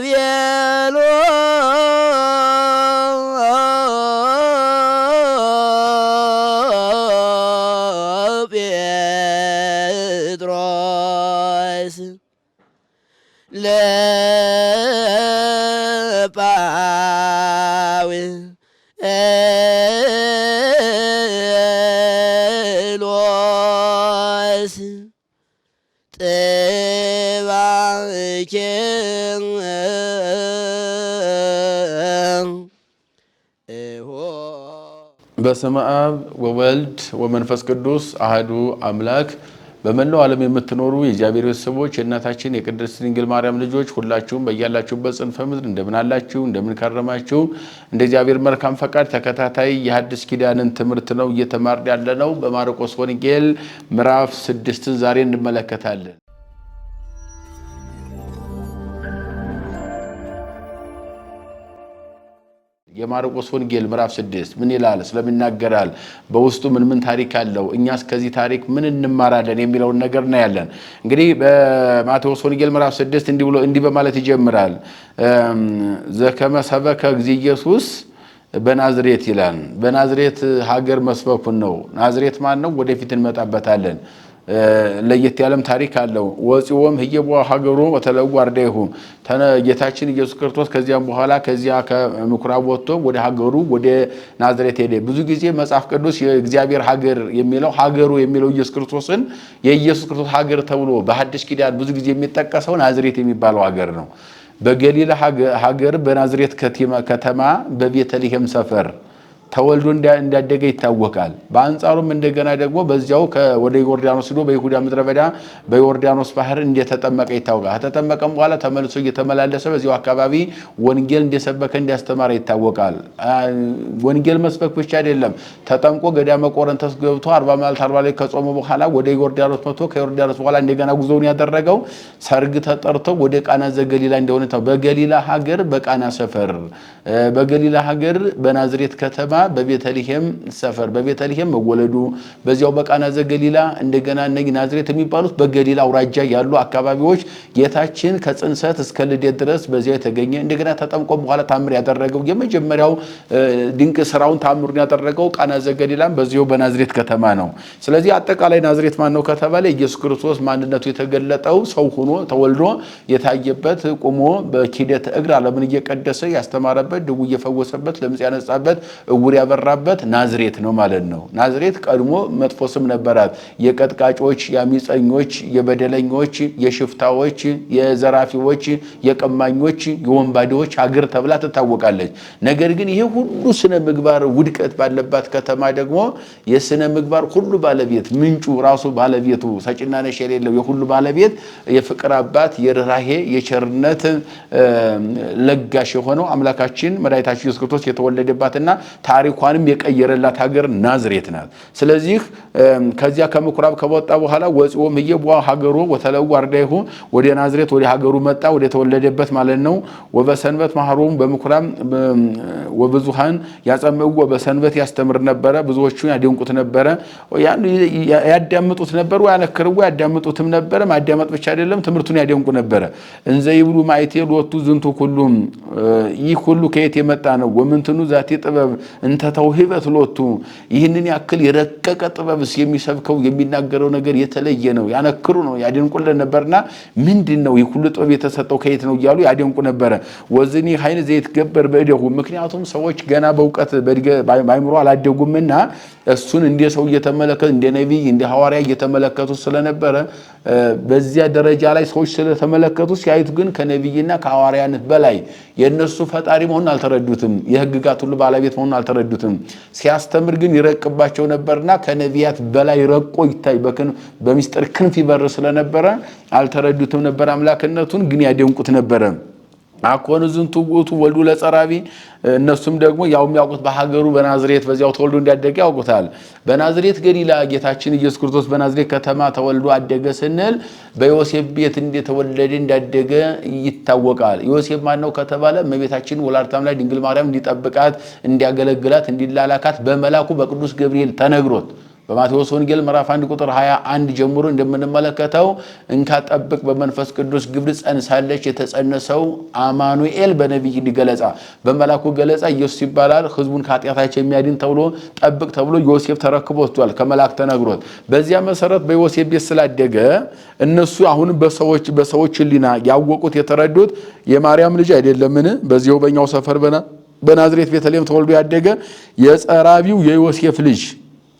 ¡Bien! በስመ አብ ወወልድ ወመንፈስ ቅዱስ አህዱ አምላክ። በመላው ዓለም የምትኖሩ የእግዚአብሔር ቤተሰቦች የእናታችን የቅድስት ድንግል ማርያም ልጆች ሁላችሁም በያላችሁበት ጽንፈ ምድር እንደምን አላችሁ? እንደምን ከረማችሁ? እንደ እግዚአብሔር መልካም ፈቃድ ተከታታይ የሐዲስ ኪዳንን ትምህርት ነው እየተማርን ያለነው። በማርቆስ ወንጌል ምዕራፍ ስድስትን ዛሬ እንመለከታለን። የማርቆስ ወንጌል ምዕራፍ ስድስት ምን ይላል? ስለሚናገራል በውስጡ ምን ምን ታሪክ አለው? እኛስ ከዚህ ታሪክ ምን እንማራለን? የሚለውን ነገር እናያለን። እንግዲህ በማቴዎስ ወንጌል ምዕራፍ ስድስት እንዲህ ብሎ እንዲህ በማለት ይጀምራል። ዘከመ ሰበከ ጊዜ ኢየሱስ በናዝሬት ይላል። በናዝሬት ሀገር መስበኩን ነው። ናዝሬት ማን ነው? ወደፊት እንመጣበታለን። ለየት ያለም ታሪክ አለው። ወፂኦም ህየቦ ሀገሩ ወተለዉ አርዳይሁ ጌታችን ኢየሱስ ክርስቶስ ከዚያም በኋላ ከዚያ ከምኩራብ ወጥቶ ወደ ሀገሩ ወደ ናዝሬት ሄደ። ብዙ ጊዜ መጽሐፍ ቅዱስ የእግዚአብሔር ሀገር የሚለው ሀገሩ የሚለው ኢየሱስ ክርስቶስን የኢየሱስ ክርስቶስ ሀገር ተብሎ በሐዲስ ኪዳን ብዙ ጊዜ የሚጠቀሰው ናዝሬት የሚባለው ሀገር ነው። በገሊላ ሀገር በናዝሬት ከተማ በቤተልሔም ሰፈር ተወልዶ እንዳደገ ይታወቃል። በአንጻሩም እንደገና ደግሞ በዚያው ወደ ዮርዳኖስ ሄዶ በይሁዳ ምድረ በዳ በዮርዳኖስ ባህር እንደተጠመቀ ይታወቃል። ከተጠመቀም በኋላ ተመልሶ እየተመላለሰ በዚያው አካባቢ ወንጌል እንደሰበከ እንዳስተማረ ይታወቃል። ወንጌል መስበክ ብቻ አይደለም፣ ተጠምቆ ገዳመ ቆረንተስ ገብቶ አርባ መዓልት አርባ ሌሊት ከጾመ በኋላ ወደ ዮርዳኖስ መጥቶ ከዮርዳኖስ በኋላ እንደገና ጉዞውን ያደረገው ሰርግ ተጠርቶ ወደ ቃና ዘገሊላ እንደሆነ በገሊላ ሀገር በቃና ሰፈር በገሊላ ሀገር በናዝሬት ከተማ በቤተልሔም ሰፈር በቤተልሔም መወለዱ በዚያው በቃና ዘገሊላ እንደገና እነ ናዝሬት የሚባሉት በገሊላ አውራጃ ያሉ አካባቢዎች ጌታችን ከጽንሰት እስከ ልደት ድረስ በዚያው የተገኘ እንደገና ተጠምቆ በኋላ ታምር ያደረገው የመጀመሪያው ድንቅ ስራውን ታምሩን ያደረገው ቃና ዘገሊላም በዚያው በናዝሬት ከተማ ነው። ስለዚህ አጠቃላይ ናዝሬት ማን ነው ከተባለ ኢየሱስ ክርስቶስ ማንነቱ የተገለጠው ሰው ሆኖ ተወልዶ የታየበት ቁሞ በኪደት እግር ዓለምን እየቀደሰ ያስተማረበት ድውይ እየፈወሰበት ለምጽ ያነጻበት እውር ጸጉር ያበራበት ናዝሬት ነው ማለት ነው። ናዝሬት ቀድሞ መጥፎ ስም ነበራት። የቀጥቃጮች፣ የአሚፀኞች፣ የበደለኞች፣ የሽፍታዎች፣ የዘራፊዎች፣ የቀማኞች፣ የወንባዴዎች ሀገር ተብላ ትታወቃለች። ነገር ግን ይህ ሁሉ ስነ ምግባር ውድቀት ባለባት ከተማ ደግሞ የስነ ምግባር ሁሉ ባለቤት ምንጩ ራሱ ባለቤቱ ሰጪና ነሽ የሌለው የሁሉ ባለቤት የፍቅር አባት የርኅራሄ የቸርነት ለጋሽ የሆነው አምላካችን መድኃኒታችን ኢየሱስ ክርስቶስ የተወለደባትና ታሪኳንም የቀየረላት ሀገር ናዝሬት ናት። ስለዚህ ከዚያ ከምኩራብ ከወጣ በኋላ ወጽኦ እየቧ ሀገሮ ወተለዉ አርዳይሁ ወደ ናዝሬት ወደ ሀገሩ መጣ ወደ ተወለደበት ማለት ነው። ወበሰንበት ማህሮሙ በምኩራብ ወብዙሃን ያጸምዑ ወበሰንበት ያስተምር ነበረ። ብዙዎቹ ያደንቁት ነበረ፣ ያዳምጡት ነበር። ያነክርዎ ያዳምጡትም ነበረ። ማዳመጥ ብቻ አይደለም፣ ትምህርቱን ያደንቁ ነበረ። እንዘ ይብሉ ማይቴ ሎቱ ዝንቱ ሁሉም ይህ ሁሉ ከየት የመጣ ነው? ወምንትኑ ዛቴ ጥበብ እንተተው ተውሂበት ሎቱ ይህንን ያክል የረቀቀ ጥበብስ የሚሰብከው የሚናገረው ነገር የተለየ ነው። ያነክሩ ነው ያደንቁለን ነበርና ምንድን ነው ይህ ሁሉ ጥበብ የተሰጠው ከየት ነው እያሉ ያደንቁ ነበረ። ወዝኒ ሀይን ዘይት ገበር በእደሁ ምክንያቱም ሰዎች ገና በእውቀት በአይምሮ አላደጉምና እሱን እንደ ሰው እየተመለከቱ እንደ ነቢይ እንደ ሐዋርያ እየተመለከቱ ስለነበረ በዚያ ደረጃ ላይ ሰዎች ስለተመለከቱ ሲያዩት ግን ከነቢይና ከሐዋርያነት በላይ የእነሱ ፈጣሪ መሆኑን አልተረዱትም። የሕግጋት ሁሉ ባለቤት መሆኑን አልተረዱትም። ሲያስተምር ግን ይረቅባቸው ነበርና ከነቢያት በላይ ረቆ ይታይ በሚስጥር ክንፍ ይበር ስለነበረ አልተረዱትም ነበር። አምላክነቱን ግን ያደንቁት ነበረ። አኮን ዝን ትውቱ ወልዱ ለጸራቢ እነሱም ደግሞ ያው የሚያውቁት በሀገሩ በናዝሬት በዚያው ተወልዶ እንዲያደገ ያውቁታል። በናዝሬት ገሊላ ጌታችን ኢየሱስ ክርስቶስ በናዝሬት ከተማ ተወልዶ አደገ ስንል በዮሴፍ ቤት እንደተወለደ እንዳደገ ይታወቃል። ዮሴፍ ማን ነው ከተባለ እመቤታችን ወላዲተ አምላክ ድንግል ማርያም እንዲጠብቃት፣ እንዲያገለግላት፣ እንዲላላካት በመላኩ በቅዱስ ገብርኤል ተነግሮት በማቴዎስ ወንጌል ምዕራፍ 1 ቁጥር 21 ጀምሮ እንደምንመለከተው እንካ ጠብቅ በመንፈስ ቅዱስ ግብር ጸንሳለች የተጸነሰው አማኑኤል በነቢይ ገለጻ በመላኩ ገለጻ ኢየሱስ ይባላል ህዝቡን ከኃጢአታቸው የሚያድን ተብሎ ጠብቅ ተብሎ ዮሴፍ ተረክቦ ወስዷል ከመላክ ተነግሮት በዚያ መሰረት በዮሴፍ ቤት ስላደገ እነሱ አሁን በሰዎች በሰዎች ህሊና ያወቁት የተረዱት የማርያም ልጅ አይደለምን በዚያው በኛው ሰፈር በናዝሬት ቤተልሔም ተወልዶ ያደገ የጸራቢው የዮሴፍ ልጅ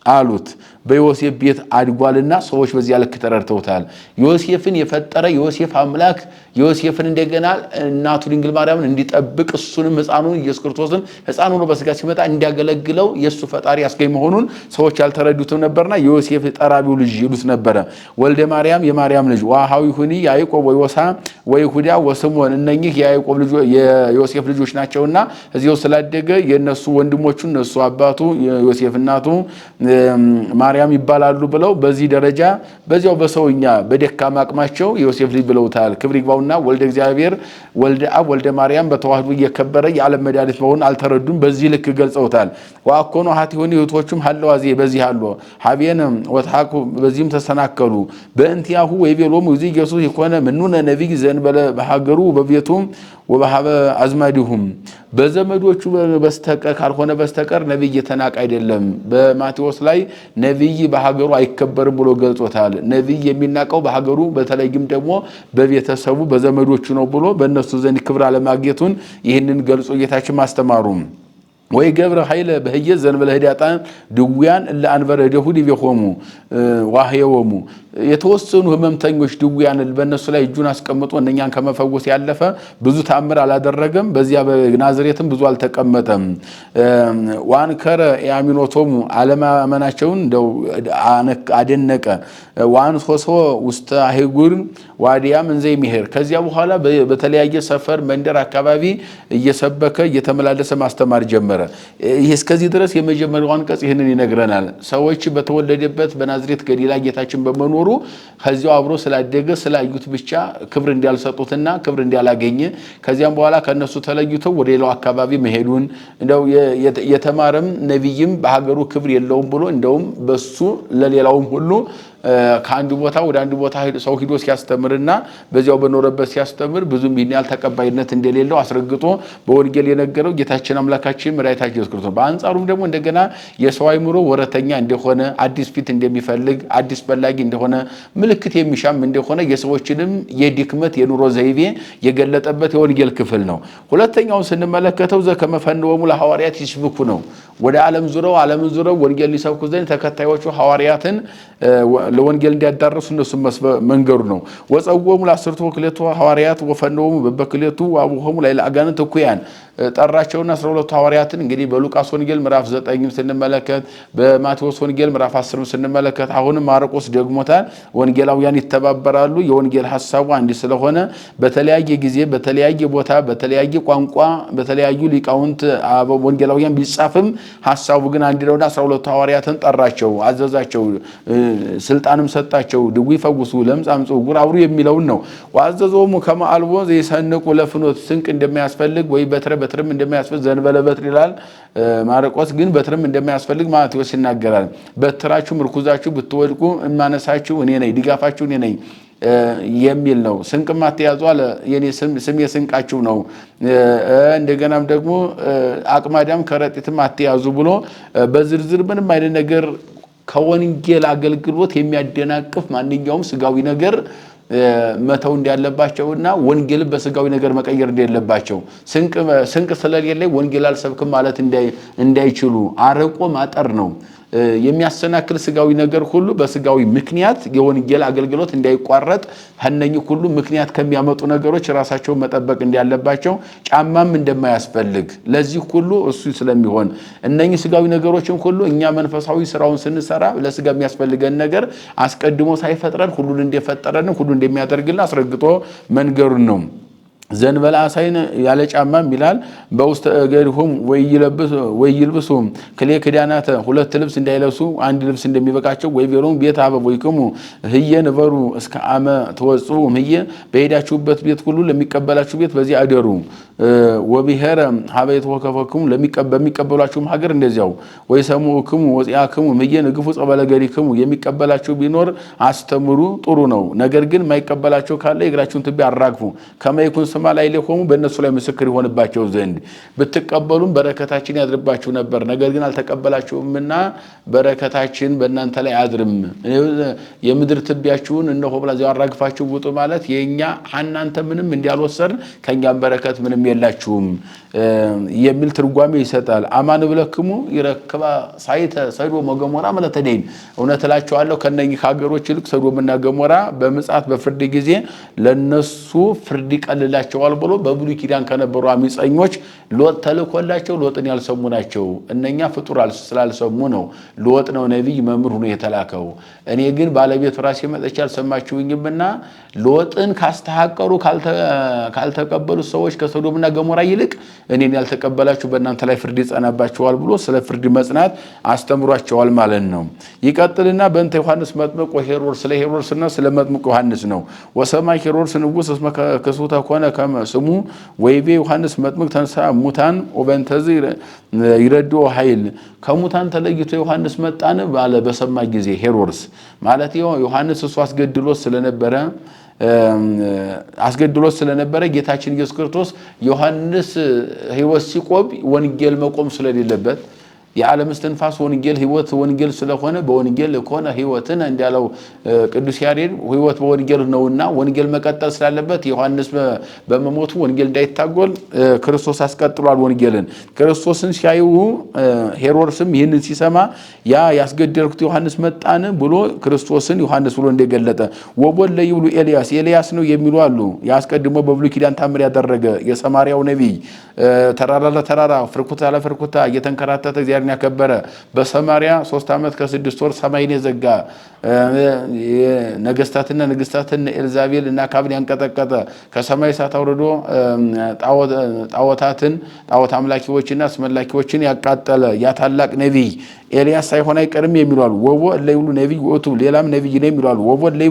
alut. በዮሴፍ ቤት አድጓልና ሰዎች በዚያ ልክ ተረድተውታል። ዮሴፍን የፈጠረ ዮሴፍ አምላክ ዮሴፍን እንደገና እናቱ ድንግል ማርያምን እንዲጠብቅ እሱንም ሕፃኑን ኢየሱስ ክርስቶስን ሕፃን ነው በስጋ ሲመጣ እንዲያገለግለው የእሱ ፈጣሪ አስገኝ መሆኑን ሰዎች ያልተረዱትም ነበርና ዮሴፍ ጠራቢው ልጅ ይሉት ነበረ። ወልደ ማርያም የማርያም ልጅ ዋሃዊ ሁኒ ያዕቆብ ወዮሳ ወይሁዳ ወስምዖን እነኚህ የያዕቆብ የዮሴፍ ልጆች ናቸውና እዚው ስላደገ የእነሱ ወንድሞቹ እነሱ አባቱ ዮሴፍ እናቱ ማርያም ይባላሉ ብለው በዚህ ደረጃ በዚያው በሰውኛ በደካማ አቅማቸው ዮሴፍ ልጅ ብለውታል። ክብር ይግባውና ወልደ እግዚአብሔር ወልደ አብ ወልደ ማርያም በተዋህዶ እየከበረ የዓለም መድኃኒት መሆን አልተረዱም። በዚህ ልክ ገልጸውታል። ዋኮኖ ሀት የሆኑ ህቶቹም ሀለዋዜ በዚህ አሉ ሀቤንም ወትሐኩ በዚህም ተሰናከሉ በእንቲያሁ ወይቤሎሙ እግዚእ ኢየሱስ የኮነ ምኑነ ነቢይ ዘንበለ በሀገሩ በቤቱም ወበሀበ አዝማዲሁም በዘመዶቹ በስተቀር ካልሆነ በስተቀር ነቢይ የተናቀ አይደለም። በማቴዎስ ላይ ነቢይ በሀገሩ አይከበርም ብሎ ገልጾታል። ነቢይ የሚናቀው በሀገሩ በተለይም ደግሞ በቤተሰቡ በዘመዶቹ ነው ብሎ በእነሱ ዘንድ ክብር አለማግኘቱን ይህንን ገልጾ ጌታችን ማስተማሩ ወይ ገብረ ኃይለ በህየ ዘንበለ ህዳጣን ድውያን እለ አንበረ ደሁ ዲቤሆሙ ዋህየወሙ የተወሰኑ ህመምተኞች ድውያንን በእነሱ ላይ እጁን አስቀምጦ እነኛን ከመፈወስ ያለፈ ብዙ ታምር አላደረገም። በዚያ በናዝሬትም ብዙ አልተቀመጠም። ዋንከረ የአሚኖቶሙ አለማመናቸውን እንደው አደነቀ። ዋን ሶሶ ውስተ አህጉር ዋዲያ እንዘ ይምሄር። ከዚያ በኋላ በተለያየ ሰፈር፣ መንደር አካባቢ እየሰበከ እየተመላለሰ ማስተማር ጀመረ። እስከዚህ ድረስ የመጀመሪያው አንቀጽ ይህንን ይነግረናል። ሰዎች በተወለደበት በናዝሬት ገሊላ ጌታችን በመኖሩ ሲኖሩ ከዚያው አብሮ ስላደገ ስላዩት ብቻ ክብር እንዳልሰጡትና ክብር እንዲያላገኝ ከዚያም በኋላ ከነሱ ተለይቶ ወደ ሌላው አካባቢ መሄዱን እንደው የተማረም ነቢይም በሀገሩ ክብር የለውም ብሎ እንደውም በሱ ለሌላውም ሁሉ ከአንዱ ቦታ ወደ አንዱ ቦታ ሰው ሂዶ ሲያስተምርና በዚያው በኖረበት ሲያስተምር ብዙም ይህን ያህል ተቀባይነት እንደሌለው አስረግጦ በወንጌል የነገረው ጌታችን አምላካችን መድኃኒታችን ኢየሱስ ክርስቶስ። በአንጻሩም ደግሞ እንደገና የሰው አይምሮ ወረተኛ እንደሆነ፣ አዲስ ፊት እንደሚፈልግ፣ አዲስ ፈላጊ እንደሆነ፣ ምልክት የሚሻም እንደሆነ የሰዎችንም የድክመት የኑሮ ዘይቤ የገለጠበት የወንጌል ክፍል ነው። ሁለተኛውን ስንመለከተው ዘከመፈን ፈንወሙ ሐዋርያት ይስብኩ ነው። ወደ ዓለም ዙረው ዓለምን ዙረው ወንጌል ሊሰብኩ ዘንድ ተከታዮቹ ሐዋርያትን ለወንጌል እንዲያዳረሱ እነሱ መንገዱ ነው። ወፀወሙ ለአስርቱ ወክሌቱ ሐዋርያት ወፈነሙ በበክሌቱ አቡሆሙ ላይ ለአጋንንት እኩያን ጠራቸውና አስራ ሁለቱ ሐዋርያትን እንግዲህ በሉቃስ ወንጌል ምዕራፍ ዘጠኝም ስንመለከት በማቴዎስ ወንጌል ምዕራፍ አስርም ስንመለከት አሁንም ማርቆስ ደግሞታል። ወንጌላውያን ይተባበራሉ። የወንጌል ሀሳቡ አንድ ስለሆነ በተለያየ ጊዜ በተለያየ ቦታ በተለያየ ቋንቋ በተለያዩ ሊቃውንት ወንጌላውያን ቢጻፍም ሀሳቡ ግን አንድ ነውና አስራ ሁለቱ ሐዋርያትን ጠራቸው፣ አዘዛቸው ስልጣ ስልጣንም ሰጣቸው ድጉ ይፈውሱ ለምጽ አምጹ ዕውር የሚለውን ነው። ወአዘዞሙ ከመ አልቦ ዘየሰንቁ ለፍኖት ስንቅ እንደሚያስፈልግ ወይ በትረ በትርም እንደሚያስፈልግ ዘንበለ በትር ይላል ማርቆስ። ግን በትርም እንደሚያስፈልግ ማቴዎስ ይናገራል። በትራችሁ ምርኩዛችሁ ብትወድቁ እማነሳችሁ እኔ ነኝ፣ ድጋፋችሁ እኔ ነኝ የሚል ነው። ስንቅም አትያዙ አለ። የኔ ስም የስንቃችሁ ነው። እንደገናም ደግሞ አቅማዳም ከረጢትም አትያዙ ብሎ በዝርዝር ምንም አይነት ነገር ከወንጌል አገልግሎት የሚያደናቅፍ ማንኛውም ስጋዊ ነገር መተው እንዳለባቸውና ወንጌልን በስጋዊ ነገር መቀየር እንደሌለባቸው ስንቅ ስለሌለ ወንጌል አልሰብክም ማለት እንዳይችሉ አርቆ ማጠር ነው። የሚያሰናክል ስጋዊ ነገር ሁሉ በስጋዊ ምክንያት የወንጌል አገልግሎት እንዳይቋረጥ ከነኚህ ሁሉ ምክንያት ከሚያመጡ ነገሮች ራሳቸውን መጠበቅ እንዳለባቸው፣ ጫማም እንደማያስፈልግ ለዚህ ሁሉ እሱ ስለሚሆን እነኚህ ስጋዊ ነገሮችን ሁሉ እኛ መንፈሳዊ ስራውን ስንሰራ ለስጋ የሚያስፈልገን ነገር አስቀድሞ ሳይፈጥረን ሁሉን እንደፈጠረን ሁሉ እንደሚያደርግልን አስረግጦ መንገሩን ነው። ዘንበል አሳይን ያለ ጫማም ይላል በውስተ እገድሁም ወይልብሱም ክሌ ክዳናተ ሁለት ልብስ እንዳይለብሱ አንድ ልብስ እንደሚበቃቸው ወይ ቤሮም ቤት አበብ ወይክሙ ህየ ንበሩ እስከ አመ ተወጽኡ ህየ በሄዳችሁበት ቤት ሁሉ ለሚቀበላችሁ ቤት በዚህ አደሩ። ወብሔረ ሀበይት ወከፈክሙ በሚቀበሏችሁም ሀገር እንደዚያው ወይ ወፅያ ክሙ ህየ ንግፉ ጸበለ ክሙ የሚቀበላችሁ ቢኖር አስተምሩ ጥሩ ነው። ነገር ግን ማይቀበላቸው ካለ የእግራችሁን ትቢያ አራግፉ ከመይኩን ስማ ላይ ለኮሙ በእነሱ ላይ ምስክር ይሆንባቸው ዘንድ ብትቀበሉም በረከታችን ያድርባችሁ ነበር፣ ነገር ግን አልተቀበላችሁምና በረከታችን በእናንተ ላይ አድርም። የምድር ትቢያችሁን እነሆ ብላ እዚያው አራግፋችሁ ውጡ ማለት የእኛ አናንተ ምንም እንዲያልወሰድን ከእኛም በረከት ምንም የላችሁም የሚል ትርጓሜ ይሰጣል። አማን ብለክሙ ይረክባ ሳይተ ሰዶም ወገሞራ ማለት ደይን። እውነት እላችኋለሁ ከነኚህ ሀገሮች ይልቅ ሰዶምና ገሞራ በምጽአት በፍርድ ጊዜ ለነሱ ፍርድ ይቀልላቸዋል ብሎ በብሉይ ኪዳን ከነበሩ አመፀኞች ሎጥ ተልኮላቸው ሎጥን ያልሰሙ ናቸው። እነኛ ፍጡር ስላልሰሙ ነው። ሎጥ ነው ነቢይ መምህር ሆኖ የተላከው። እኔ ግን ባለቤት ራሴ መጠች አልሰማችሁኝምና ሎጥን ካስተሐቀሩ ካልተቀበሉ ሰዎች ከሰዶምና ገሞራ ይልቅ እኔን ያልተቀበላችሁ በእናንተ ላይ ፍርድ ይጸናባችኋል ብሎ ስለ ፍርድ መጽናት አስተምሯቸዋል ማለት ነው። ይቀጥልና በእንተ ዮሐንስ መጥምቅ ወሄሮድስ ስለ ሄሮድስና ስለ መጥምቅ ዮሐንስ ነው። ወሰማይ ሄሮድስ ንጉሥ እስመ ክሱተ ኮነ ከመ ስሙ ወይቤ ዮሐንስ መጥምቅ ተንሳ ሙታን ወበእንተዚ ይረድኦ ኃይል ከሙታን ተለይቶ ዮሐንስ መጣን ባለ በሰማ ጊዜ ሄሮድስ ማለት ዮሐንስ እሱ አስገድሎት ስለነበረ አስገድሎ ስለነበረ ጌታችን ኢየሱስ ክርስቶስ ዮሐንስ ሕይወት ሲቆም ወንጌል መቆም ስለሌለበት የዓለም እስትንፋስ ወንጌል ህይወት ወንጌል ስለሆነ በወንጌል ከሆነ ህይወትን እንዳለው ቅዱስ ያሬድ ህይወት በወንጌል ነውና ወንጌል መቀጠል ስላለበት ዮሐንስ በመሞቱ ወንጌል እንዳይታጎል ክርስቶስ አስቀጥሏል ወንጌልን። ክርስቶስን ሲያዩ ሄሮድስም ይህንን ሲሰማ ያ ያስገደልኩት ዮሐንስ መጣን ብሎ ክርስቶስን ዮሐንስ ብሎ እንደገለጠ ወቦን ለይብሉ ኤልያስ ኤልያስ ነው የሚሉ አሉ። ያስቀድሞ በብሉይ ኪዳን ታምር ያደረገ የሰማርያው ነቢይ ተራራ ለተራራ ፍርኩታ ለፍርኩታ እየተንከራተተ እግዚአብሔርን ያከበረ በሰማሪያ ሶስት ዓመት ከስድስት ወር ሰማይን የዘጋ ነገስታትና ንግስታትን ኤልዛቤል እና ካብን ያንቀጠቀጠ ከሰማይ እሳት አውርዶ ጣዖታትን ጣዖት አምላኪዎችና አስመላኪዎችን ያቃጠለ ያ ታላቅ ነቢይ ኤልያስ ሳይሆን አይቀርም የሚሉ ወቦ እለ ነቢይ ውእቱ ሌላም ነቢይ ነው የሚሏሉ ወቦ እለ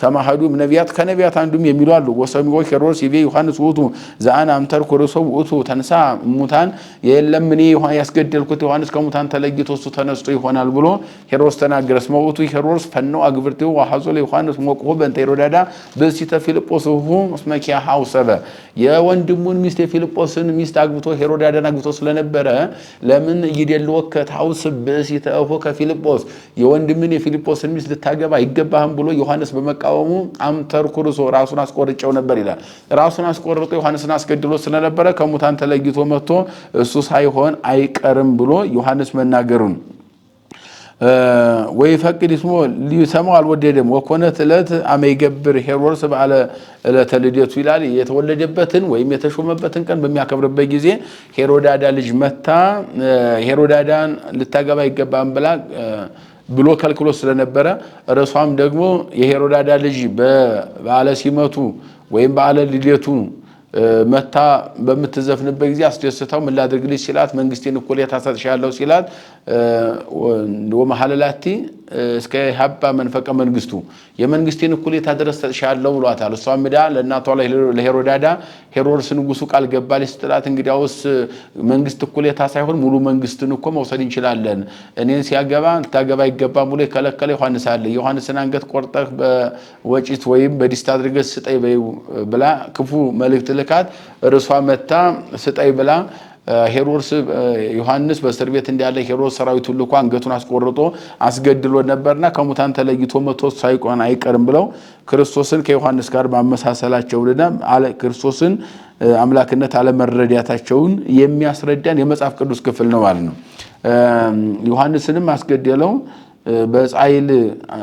ከማሃዱም ነቢያት ከነቢያት አንዱም የሚሏሉ አሉ። ወሰሚዖ ሄሮድስ ይቤ ዮሐንስ ውእቱ ዘአን አምተርኩ ርእሶ ውእቱ ተንሳ ሙታን የለም እኔ ያስገደልኩት ዮሐንስ ከሙታን ተለይቶ እሱ ተነስቶ ይሆናል ብሎ ሄሮድስ ተናገረ። እስመ ውእቱ ሄሮድስ ፈነው አግብርቲሁ ወሐዞ ለዮሐንስ ሞቅሁ በእንተ ይሮዳዳ በሲተ ፊልጶስ ሁ እስመ ኪያሃው ሰበ የወንድሙን ሚስት የፊልጶስን ሚስት አግብቶ ሄሮዳዳን አግብቶ ስለነበረ ለምን ይደልወከ ታውስ በሲተ እሆ ከፊልጶስ የወንድምን የፊልጶስን ሚስት ልታገባ አይገባህም ብሎ ዮሐንስ በመቃወሙ አምተርኩርሶ ራሱን አስቆርጨው ነበር ይላል። ራሱን አስቆርጦ ዮሐንስን አስገድሎ ስለነበረ ከሙታን ተለይቶ መጥቶ እሱ ሳይሆን አይቀርም ብሎ ዮሐንስ መናገሩን ወይ ፈቅድ ስሞ ሊሰማው አልወደደም። ወኮነት ዕለት አመይገብር ሄሮድስ በዓለ ዕለተ ልደቱ ይላል። የተወለደበትን ወይም የተሾመበትን ቀን በሚያከብርበት ጊዜ ሄሮዳዳ ልጅ መታ ሄሮዳዳን ልታገባ ይገባም ብላ ብሎ ከልክሎ ስለነበረ እርሷም ደግሞ የሄሮዳዳ ልጅ በበዓለ ሲመቱ ወይም በዓለ ልደቱ መታ በምትዘፍንበት ጊዜ አስደስተው ምን ላድርግልሽ ሲላት መንግስቴን እኮ ሊታሳጥሻለሁ ሲላት ወመሐለላቲ እስከ ሀባ መንፈቀ መንግስቱ የመንግስቴን እኩሌታ ድረስ ተሻለው ብሏታል። እሷ ሄዳ ለእናቷ ለሄሮዳዳ ሄሮድስ ንጉሱ ቃል ገባ ስትላት እንግዲያውስ መንግስት እኩሌታ ሳይሆን ሙሉ መንግስትን እኮ መውሰድ እንችላለን፣ እኔን ሲያገባ ልታገባ አይገባም ብሎ የከለከለ ዮሐንስ አለ። ዮሐንስን አንገት ቆርጠህ በወጪት ወይም በዲስት አድርገህ ስጠይ ብላ ክፉ መልእክት ልካት እርሷ መታ ስጠይ ብላ ሄሮድስ ዮሐንስ በእስር ቤት እንዳለ ሄሮድስ ሰራዊት ሁሉ እኮ አንገቱን አስቆርጦ አስገድሎ ነበርና ከሙታን ተለይቶ መቶ ሳይቆን አይቀርም ብለው ክርስቶስን ከዮሐንስ ጋር ልና ክርስቶስን አምላክነት አለመረዳታቸውን የሚያስረዳን የመጽሐፍ ቅዱስ ክፍል ነው ማለት ነው። ዮሐንስንም አስገደለው በፀይል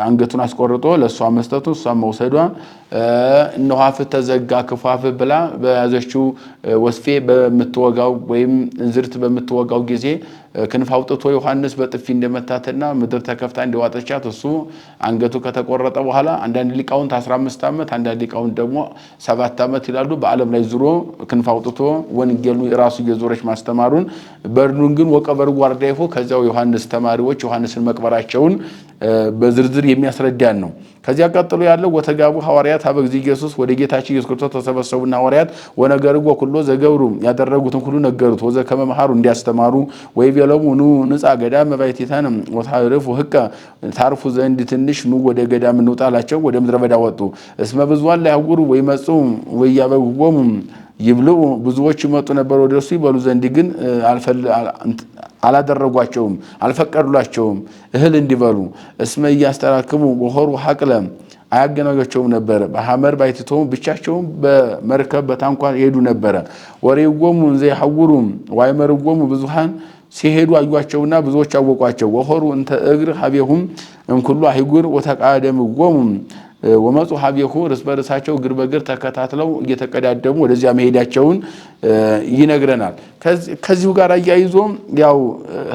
አንገቱን አስቆርጦ ለእሷ መስጠቱ እሷ መውሰዷ እነኋፍ ተዘጋ ክፏፍ ብላ በያዘችው ወስፌ በምትወጋው ወይም እንዝርት በምትወጋው ጊዜ ክንፍ አውጥቶ ዮሐንስ በጥፊ እንደመታትና ምድር ተከፍታ እንደዋጠቻት እሱ አንገቱ ከተቆረጠ በኋላ አንዳንድ ሊቃውንት 15 ዓመት አንዳንድ ሊቃውንት ደግሞ ሰባት ዓመት ይላሉ። በዓለም ላይ ዙሮ ክንፍ አውጥቶ ወንጌሉ ራሱ እየዞረች ማስተማሩን በድኑን ግን ወቀበር ጓርዳይፎ ከዚያው ዮሐንስ ተማሪዎች ዮሐንስን መቅበራቸውን በዝርዝር የሚያስረዳን ነው። ከዚያ ቀጥሎ ያለው ወተጋቡ ሐዋርያት አበ ኢየሱስ ወደ ጌታችን ኢየሱስ ክርስቶስ ተሰበሰቡና ሐዋርያት ወነገርዎ ኩሎ ዘገብሩ ያደረጉትን ሁሉ ነገሩት ወዘ ከመመሃሩ እንዲያስተማሩ ወይ ቤሎሙ ኑ ንጻ ገዳም መባይቲታን ወታርፉ ህቀ ታርፉ ዘንድ ትንሽ ኑ ወደ ገዳም እንውጣላቸው ወደ ምድረ በዳ ወጡ እስመ ብዙኃን ላያውሩ ወይ መጹ ወይ ያበግቦሙ ይብሉ ብዙዎች ይመጡ ነበር ወደ እርሱ ይበሉ ዘንድ ግን አላደረጓቸውም፣ አልፈቀዱላቸውም እህል እንዲበሉ። እስመ እያስተራክቡ ወሆሩ ሀቅለ አያገናኛቸውም ነበረ። በሐመር ባይትቶም ብቻቸውም በመርከብ በታንኳ ሄዱ ነበረ። ወሬጎሙ እንዘ ይሐውሩም ዋይመርጎሙ ብዙሃን ሲሄዱ አዩቸውና ብዙዎች አወቋቸው። ወሆሩ እንተ እግር ሀቤሁም እምኩሉ አይጉር ወተቃደምጎሙ ወመፁ ሀቤኩ እርስ በርሳቸው እግር በግር ተከታትለው እየተቀዳደሙ ወደዚያ መሄዳቸውን ይነግረናል። ከዚሁ ጋር አያይዞም ያው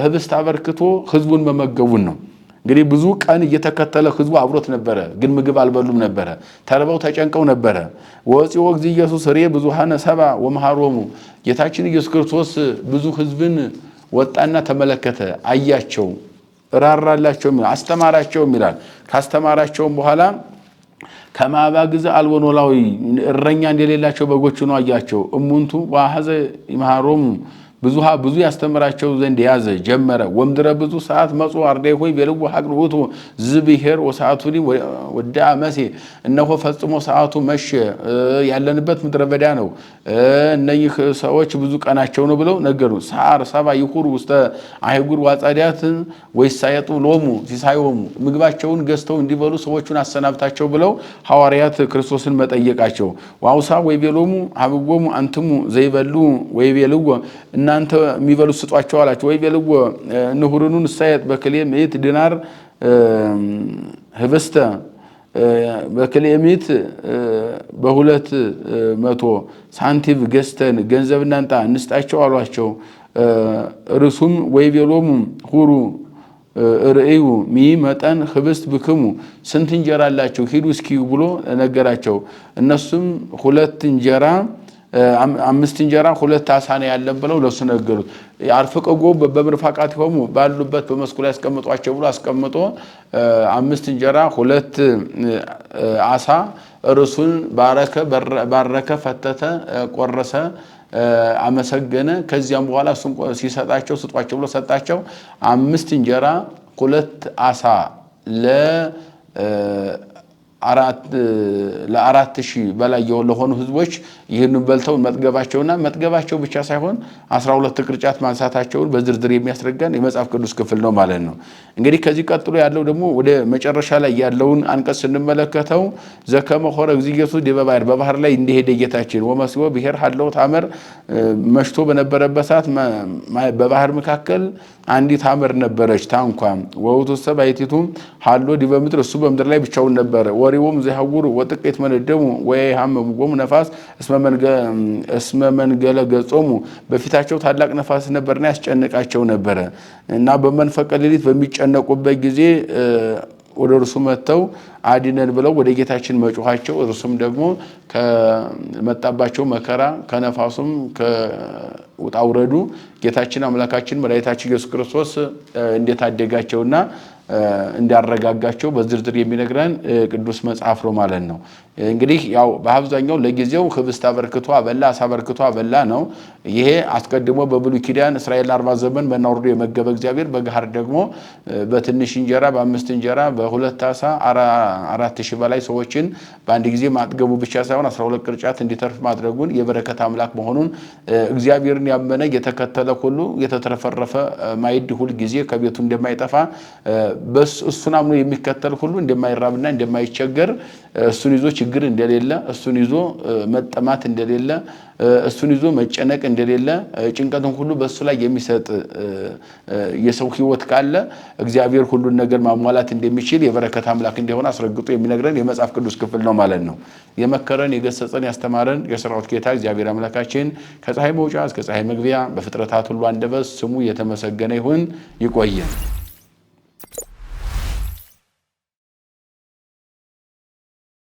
ህብስት አበርክቶ ህዝቡን መመገቡን ነው። እንግዲህ ብዙ ቀን እየተከተለ ህዝቡ አብሮት ነበረ፣ ግን ምግብ አልበሉም ነበረ። ተርበው ተጨንቀው ነበረ። ወፂኦ እግዚእ ኢየሱስ ሬ ብዙሃነ ሰባ ወመሃሮሙ ጌታችን ኢየሱስ ክርስቶስ ብዙ ህዝብን ወጣና ተመለከተ፣ አያቸው፣ ራራላቸው፣ አስተማራቸውም ይላል። ካስተማራቸውም በኋላ ከማባ ግዘ አልቦ እረኛ እንደሌላቸው በጎች ሆኖ አያቸው። እሙንቱ ዋሀዘ ይመሃሮሙ ብዙሃ ብዙ ያስተምራቸው ዘንድ ያዘ ጀመረ። ወምድረ ብዙ ሰዓት መጽ አርዳይ ሆይ ቤልዎ ሀቅር ውእቱ ዝብሔር ወሰዓቱኒ ወደ መሴ እነሆ ፈጽሞ ሰዓቱ መሸ። ያለንበት ምድረ በዳ ነው። እነይህ ሰዎች ብዙ ቀናቸው ነው ብለው ነገሩ። ሳር ሰባ ይሁር ውስተ አይጉር ዋጻዲያትን ወይሳየጡ ሎሙ ሲሳዮሙ ምግባቸውን ገዝተው እንዲበሉ ሰዎቹን አሰናብታቸው ብለው ሐዋርያት ክርስቶስን መጠየቃቸው ዋውሳ ወይቤሎሙ ሀብጎሙ አንትሙ ዘይበሉ ወይቤልዎ እናንተ የሚበሉ ስጧቸው አላቸው። ወይ ቤልዎ ንሁርኑ ንሳየጥ በክሌ ምእት ዲናር ህብስተ በክሌ ምእት በሁለት መቶ ሳንቲም ገዝተን ገንዘብ እናንጣ እንስጣቸው አሏቸው። ርሱም ወይ ቤሎሙ ሁሩ ርእዩ ሚ መጠን ህብስት ብክሙ ስንት እንጀራ አላቸው ሂዱ እስኪ ብሎ ነገራቸው። እነሱም ሁለት እንጀራ አምስት እንጀራ ሁለት አሳ ነው ያለን ብለው ለሱ ነገሩት። አርፍቀጎ በምርፋቃት ሆሙ ባሉበት በመስኩ ላይ ያስቀምጧቸው ብሎ አስቀምጦ አምስት እንጀራ ሁለት አሳ እርሱን ባረከ፣ ፈተተ፣ ቆረሰ፣ አመሰገነ። ከዚያም በኋላ እሱን ሲሰጣቸው ስጧቸው ብሎ ሰጣቸው። አምስት እንጀራ ሁለት አሳ ለ ለአራት ሺህ በላይ ለሆኑ ህዝቦች ይህን በልተው መጥገባቸውና መጥገባቸው ብቻ ሳይሆን አስራ ሁለት ቅርጫት ማንሳታቸውን በዝርዝር የሚያስረዳን የመጽሐፍ ቅዱስ ክፍል ነው ማለት ነው። እንግዲህ ከዚህ ቀጥሎ ያለው ደግሞ ወደ መጨረሻ ላይ ያለውን አንቀጽ ስንመለከተው ዘከመ ሖረ እግዚእየሱስ ዲበ ባሕር በባህር ላይ እንደሄደ ጌታችን ወመስዮ ብሔር ሀለው ታመር መሽቶ በነበረበት ሰዓት በባህር መካከል አንዲት ታመር ነበረች ታንኳ ወውቱ ሰብ አይቲቱ ሀሎ ዲበ ምድር እሱ በምድር ላይ ብቻውን ነበረ ወሪቦም ወጥቅ የትመነደሙ ወይ ሀመሙ ጎሙ ነፋስ እስመ እስመ መንገለ ገጾሙ በፊታቸው ታላቅ ነፋስ ነበርና ያስጨንቃቸው ነበረ እና በመንፈቀ ሌሊት በሚጨነቁበት ጊዜ ወደ እርሱ መጥተው አድነን ብለው ወደ ጌታችን መጮኋቸው እርሱም ደግሞ ከመጣባቸው መከራ ከነፋሱም ከውጣውረዱ ጌታችን አምላካችን መድኃኒታችን ኢየሱስ ክርስቶስ እንደታደጋቸውና እንዳረጋጋቸው በዝርዝር የሚነግረን ቅዱስ መጽሐፍ ነው ማለት ነው። እንግዲህ ያው በአብዛኛው ለጊዜው ህብስት አበርክቶ አበላ አሳ አበላ ነው። ይሄ አስቀድሞ በብሉይ ኪዳን እስራኤል አርባ ዘመን መናወርዶ የመገበ እግዚአብሔር በገሃር ደግሞ በትንሽ እንጀራ በአምስት እንጀራ በሁለት አሳ አራት ሺህ በላይ ሰዎችን በአንድ ጊዜ ማጥገቡ ብቻ ሳይሆን አስራ ሁለት ቅርጫት እንዲተርፍ ማድረጉን የበረከት አምላክ መሆኑን እግዚአብሔርን ያመነ የተከተለ ሁሉ የተትረፈረፈ ማይድ ሁል ጊዜ ከቤቱ እንደማይጠፋ እሱን አምኖ የሚከተል ሁሉ እንደማይራብና እንደማይቸገር እሱን ይዞች ። ችግር እንደሌለ እሱን ይዞ መጠማት እንደሌለ እሱን ይዞ መጨነቅ እንደሌለ ጭንቀትን ሁሉ በእሱ ላይ የሚሰጥ የሰው ሕይወት ካለ እግዚአብሔር ሁሉን ነገር ማሟላት እንደሚችል የበረከት አምላክ እንደሆነ አስረግጦ የሚነግረን የመጽሐፍ ቅዱስ ክፍል ነው ማለት ነው። የመከረን የገሰጸን፣ ያስተማረን የሰራዊት ጌታ እግዚአብሔር አምላካችን ከፀሐይ መውጫ እስከ ፀሐይ መግቢያ በፍጥረታት ሁሉ አንደበት ስሙ የተመሰገነ ይሁን። ይቆየን።